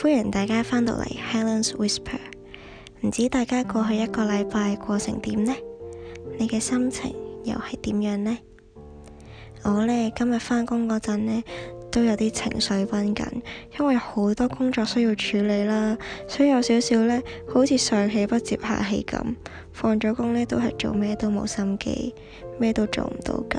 歡迎大家翻到嚟 Helen's Whisper，唔知大家過去一個禮拜過成點呢？你嘅心情又係點樣呢？我呢，今日翻工嗰陣呢，都有啲情緒繃緊，因為好多工作需要處理啦，所以有少少呢，好似上氣不接下氣咁。放咗工呢，都係做咩都冇心機，咩都做唔到咁。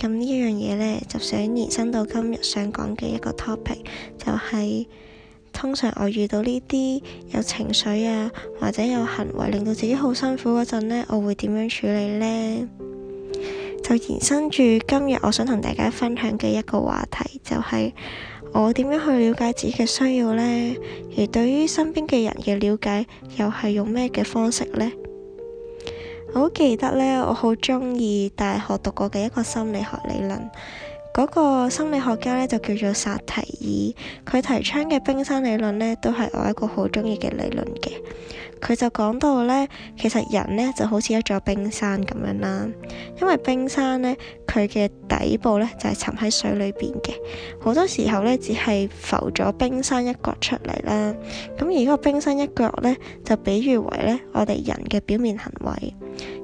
咁呢一樣嘢呢，就想延伸到今日想講嘅一個 topic，就係通常我遇到呢啲有情緒啊，或者有行為令到自己好辛苦嗰陣呢，我會點樣處理呢？就延伸住今日我想同大家分享嘅一個話題，就係我點樣去了解自己嘅需要呢？而對於身邊嘅人嘅了解，又係用咩嘅方式呢？我好記得咧，我好中意大學讀過嘅一個心理學理論，嗰個心理學家咧就叫做薩提爾。佢提倡嘅冰山理論咧，都係我一個好中意嘅理論嘅。佢就講到咧，其實人咧就好似一座冰山咁樣啦，因為冰山咧佢嘅底部咧就係沉喺水裏邊嘅，好多時候咧只係浮咗冰山一角出嚟啦。咁而嗰個冰山一角咧，就比喻為咧我哋人嘅表面行為。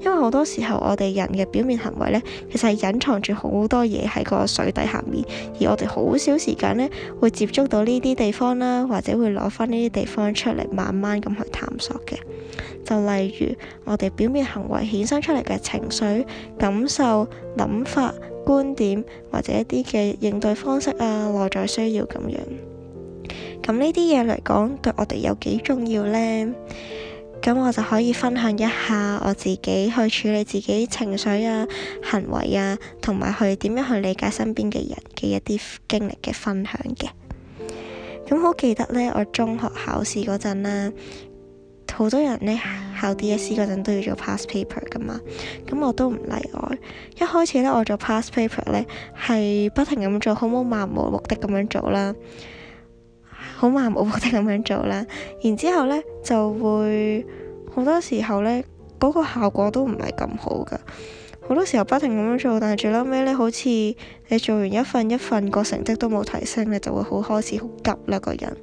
因為好多時候我哋人嘅表面行為呢，其實係隱藏住好多嘢喺個水底下面，而我哋好少時間呢，會接觸到呢啲地方啦，或者會攞翻呢啲地方出嚟慢慢咁去探索嘅。就例如我哋表面行為衍生出嚟嘅情緒、感受、諗法、觀點或者一啲嘅應對方式啊，內在需要咁樣。咁呢啲嘢嚟講，對我哋有幾重要呢？咁我就可以分享一下我自己去處理自己情緒啊、行為啊，同埋去點樣去理解身邊嘅人嘅一啲經歷嘅分享嘅。咁好記得咧，我中學考試嗰陣啦，好多人咧考 DSE 嗰陣都要做 past paper 噶嘛，咁我都唔例外。一開始咧，我做 past paper 咧係不停咁做好冇漫無目的咁樣做啦。好漫無目的咁樣做啦，然之後呢，就會好多時候呢，嗰、嗰個效果都唔係咁好㗎。好多時候不停咁樣做，但係最嬲尾呢，好似你做完一份一份個成績都冇提升，你就會好開始好急啦個人。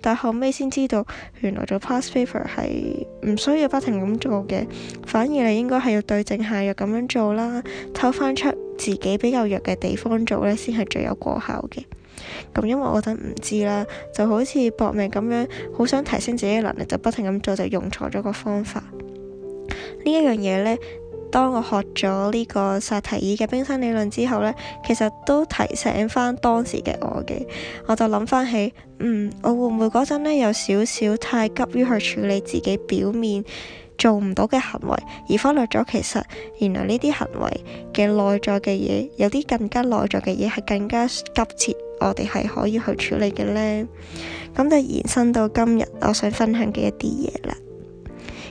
但係後尾先知道，原來做 past paper 係唔需要不停咁做嘅，反而你應該係要對症下藥咁樣做啦，偷翻出自己比較弱嘅地方做呢，先係最有果效嘅。咁，因為我嗰陣唔知啦，就好似搏命咁樣，好想提升自己嘅能力，就不停咁做，就用錯咗個方法。呢一樣嘢呢，當我學咗呢個薩提爾嘅冰山理論之後呢，其實都提醒翻當時嘅我嘅。我就諗翻起，嗯，我會唔會嗰陣呢有少少太急於去處理自己表面做唔到嘅行為，而忽略咗其實原來呢啲行為嘅內在嘅嘢，有啲更加內在嘅嘢係更加急切。我哋係可以去處理嘅呢。咁就延伸到今日我想分享嘅一啲嘢啦。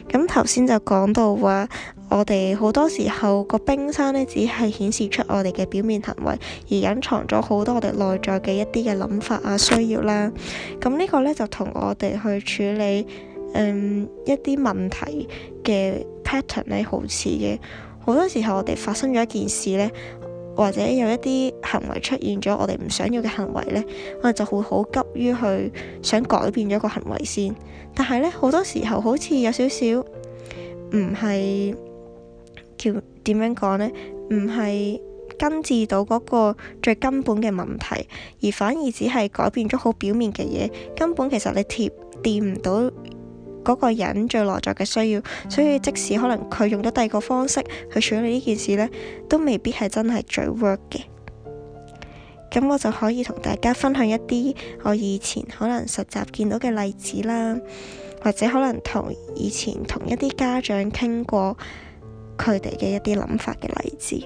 咁頭先就講到話啊，我哋好多時候個冰山呢，只係顯示出我哋嘅表面行為，而隱藏咗好多我哋內在嘅一啲嘅諗法啊、需要啦。咁呢個呢，就同我哋去處理，嗯，一啲問題嘅 pattern 呢，好似嘅。好多時候我哋發生咗一件事呢。或者有一啲行為出現咗，我哋唔想要嘅行為呢，我哋就會好急於去想改變咗個行為先。但係呢，好多時候好似有少少唔係叫點樣講呢，唔係根治到嗰個最根本嘅問題，而反而只係改變咗好表面嘅嘢，根本其實你貼掂唔到。嗰個人最內在嘅需要，所以即使可能佢用咗第二個方式去處理呢件事呢，都未必係真係最 work 嘅。咁我就可以同大家分享一啲我以前可能實習見到嘅例子啦，或者可能同以前同一啲家長傾過佢哋嘅一啲諗法嘅例子。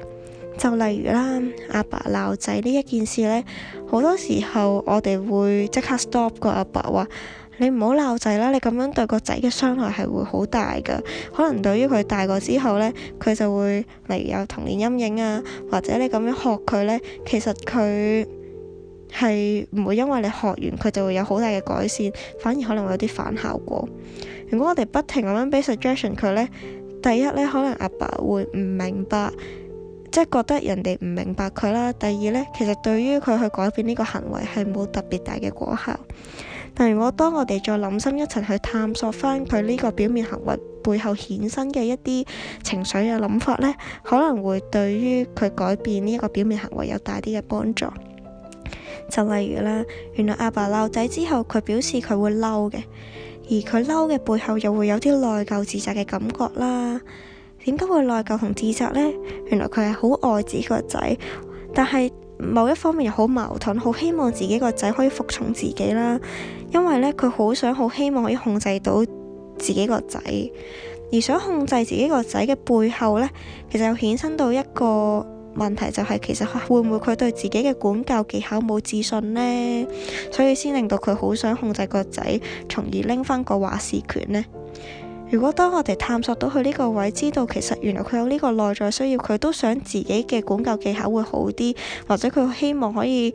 就例如啦，阿爸鬧仔呢一件事呢，好多時候我哋會即刻 stop 個阿爸話。你唔好鬧仔啦，你咁樣對個仔嘅傷害係會好大㗎。可能對於佢大個之後呢，佢就會例如有童年陰影啊，或者你咁樣學佢呢，其實佢係唔會因為你學完佢就會有好大嘅改善，反而可能會有啲反效果。如果我哋不停咁樣俾 suggestion 佢呢，第一呢，可能阿爸會唔明白，即係覺得人哋唔明白佢啦。第二呢，其實對於佢去改變呢個行為係冇特別大嘅果效。嗱，如果當我哋再諗深一層去探索翻佢呢個表面行為背後衍生嘅一啲情緒嘅諗法呢，可能會對於佢改變呢一個表面行為有大啲嘅幫助。就例如啦，原來阿爸鬧仔之後，佢表示佢會嬲嘅，而佢嬲嘅背後又會有啲內疚自責嘅感覺啦。點解會內疚同自責呢？原來佢係好愛自己個仔，但係某一方面又好矛盾，好希望自己個仔可以服從自己啦。因為咧，佢好想、好希望可以控制到自己個仔，而想控制自己個仔嘅背後咧，其實又衍生到一個問題，就係、是、其實、啊、會唔會佢對自己嘅管教技巧冇自信呢？所以先令到佢好想控制個仔，從而拎翻個話事權呢。如果當我哋探索到佢呢個位，知道其實原來佢有呢個內在需要，佢都想自己嘅管教技巧會好啲，或者佢希望可以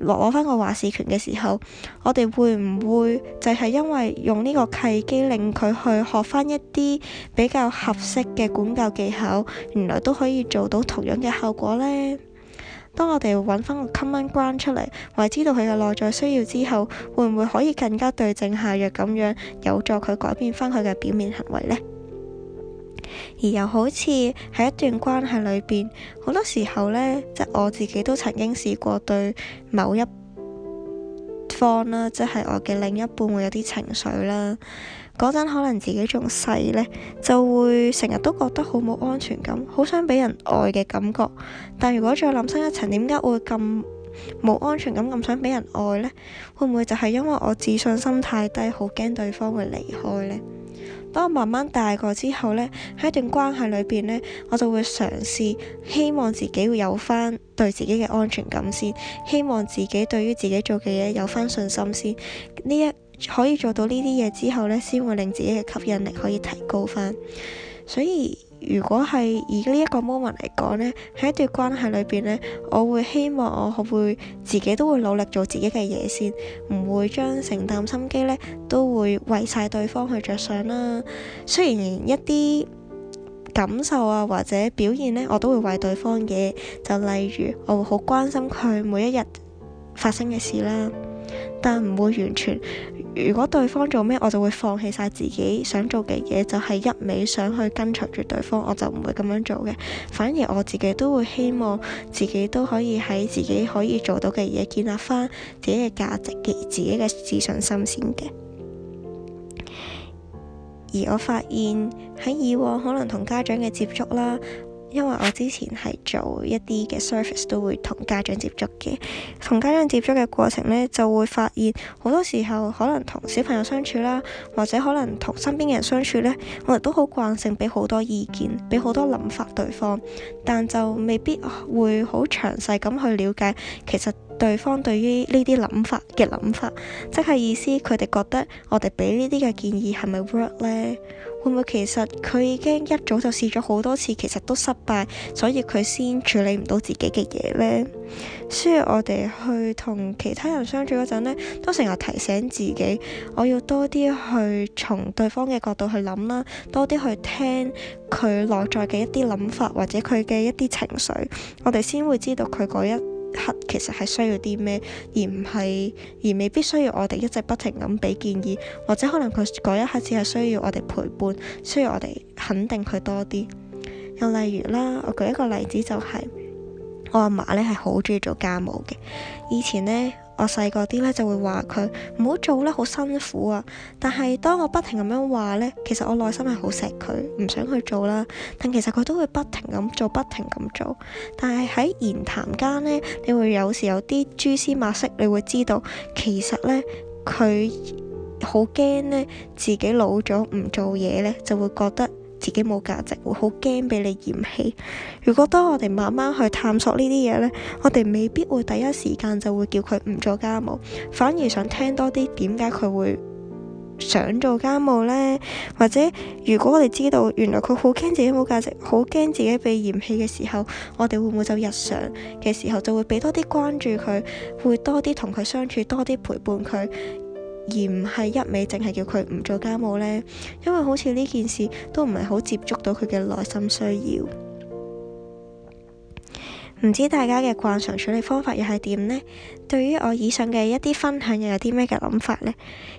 攞攞翻個話事權嘅時候，我哋會唔會就係因為用呢個契機，令佢去學翻一啲比較合適嘅管教技巧，原來都可以做到同樣嘅效果呢？當我哋揾翻個 common ground 出嚟，或者知道佢嘅內在需要之後，會唔會可以更加對症下藥咁樣，有助佢改變翻佢嘅表面行為呢？而又好似喺一段關係裏邊，好多時候呢，即係我自己都曾經試過對某一方啦，即係我嘅另一半會有啲情緒啦。嗰陣可能自己仲細呢，就會成日都覺得好冇安全感，好想俾人愛嘅感覺。但如果再諗深一層，點解會咁冇安全感，咁想俾人愛呢？會唔會就係因為我自信心太低，好驚對方會離開呢？當我慢慢大個之後呢，喺一段關係裏邊呢，我就會嘗試希望自己會有返對自己嘅安全感先，希望自己對於自己做嘅嘢有返信心先。呢一可以做到呢啲嘢之後呢先會令自己嘅吸引力可以提高翻。所以如果係以呢一個 moment 嚟講呢喺一段關係裏邊呢我會希望我會自己都會努力做自己嘅嘢先，唔會將承擔心機呢都會為晒對方去着想啦。雖然一啲感受啊或者表現呢我都會為對方嘅，就例如我會好關心佢每一日發生嘅事啦，但唔會完全。如果對方做咩，我就會放棄晒自己想做嘅嘢，就係一味想去跟隨住對方，我就唔會咁樣做嘅。反而我自己都會希望自己都可以喺自己可以做到嘅嘢，建立翻自己嘅價值嘅自己嘅自信心先嘅。而我發現喺以往可能同家長嘅接觸啦。因為我之前係做一啲嘅 service 都會同家長接觸嘅，同家長接觸嘅過程呢，就會發現，好多時候可能同小朋友相處啦，或者可能同身邊嘅人相處呢，我哋都好慣性俾好多意見，俾好多諗法對方，但就未必會好詳細咁去了解其實。對方對於呢啲諗法嘅諗法，即係意思佢哋覺得我哋俾呢啲嘅建議係咪 work 呢？會唔會其實佢已經一早就試咗好多次，其實都失敗，所以佢先處理唔到自己嘅嘢呢？需要我哋去同其他人相處嗰陣咧，都成日提醒自己，我要多啲去從對方嘅角度去諗啦，多啲去聽佢內在嘅一啲諗法或者佢嘅一啲情緒，我哋先會知道佢嗰一刻其實係需要啲咩，而唔係而未必需要我哋一直不停咁俾建議，或者可能佢嗰一刻只係需要我哋陪伴，需要我哋肯定佢多啲。又例如啦，我舉一個例子就係、是、我阿嫲咧係好中意做家務嘅，以前呢。我細個啲咧就會話佢唔好做咧，好辛苦啊！但係當我不停咁樣話咧，其實我內心係好錫佢，唔想去做啦。但其實佢都會不停咁做，不停咁做。但係喺言談間呢，你會有時有啲蛛絲馬跡，你會知道其實呢，佢好驚呢，自己老咗唔做嘢呢，就會覺得。自己冇價值，會好驚俾你嫌棄。如果當我哋慢慢去探索呢啲嘢呢，我哋未必會第一時間就會叫佢唔做家務，反而想聽多啲點解佢會想做家務呢？或者如果我哋知道原來佢好驚自己冇價值，好驚自己被嫌棄嘅時候，我哋會唔會就日常嘅時候就會俾多啲關注佢，會多啲同佢相處，多啲陪伴佢？而唔係一味淨係叫佢唔做家務呢，因為好似呢件事都唔係好接觸到佢嘅內心需要。唔知大家嘅慣常處理方法又係點呢？對於我以上嘅一啲分享，又有啲咩嘅諗法呢？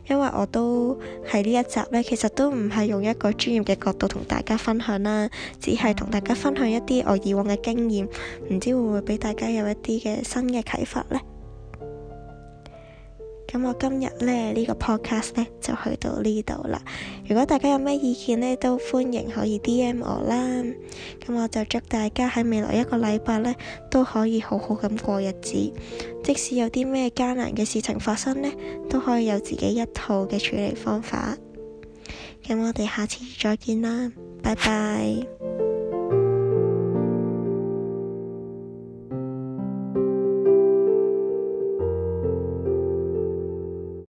因為我都喺呢一集呢，其實都唔係用一個專業嘅角度同大家分享啦，只係同大家分享一啲我以往嘅經驗，唔知會唔會俾大家有一啲嘅新嘅啟發呢？咁我今日呢，呢個、呢個 podcast 呢就去到呢度啦。如果大家有咩意見呢，都歡迎可以 DM 我啦。咁我就祝大家喺未來一個禮拜呢，都可以好好咁過日子。即使有啲咩艱難嘅事情發生呢，都可以有自己一套嘅處理方法。咁我哋下次再見啦，拜拜。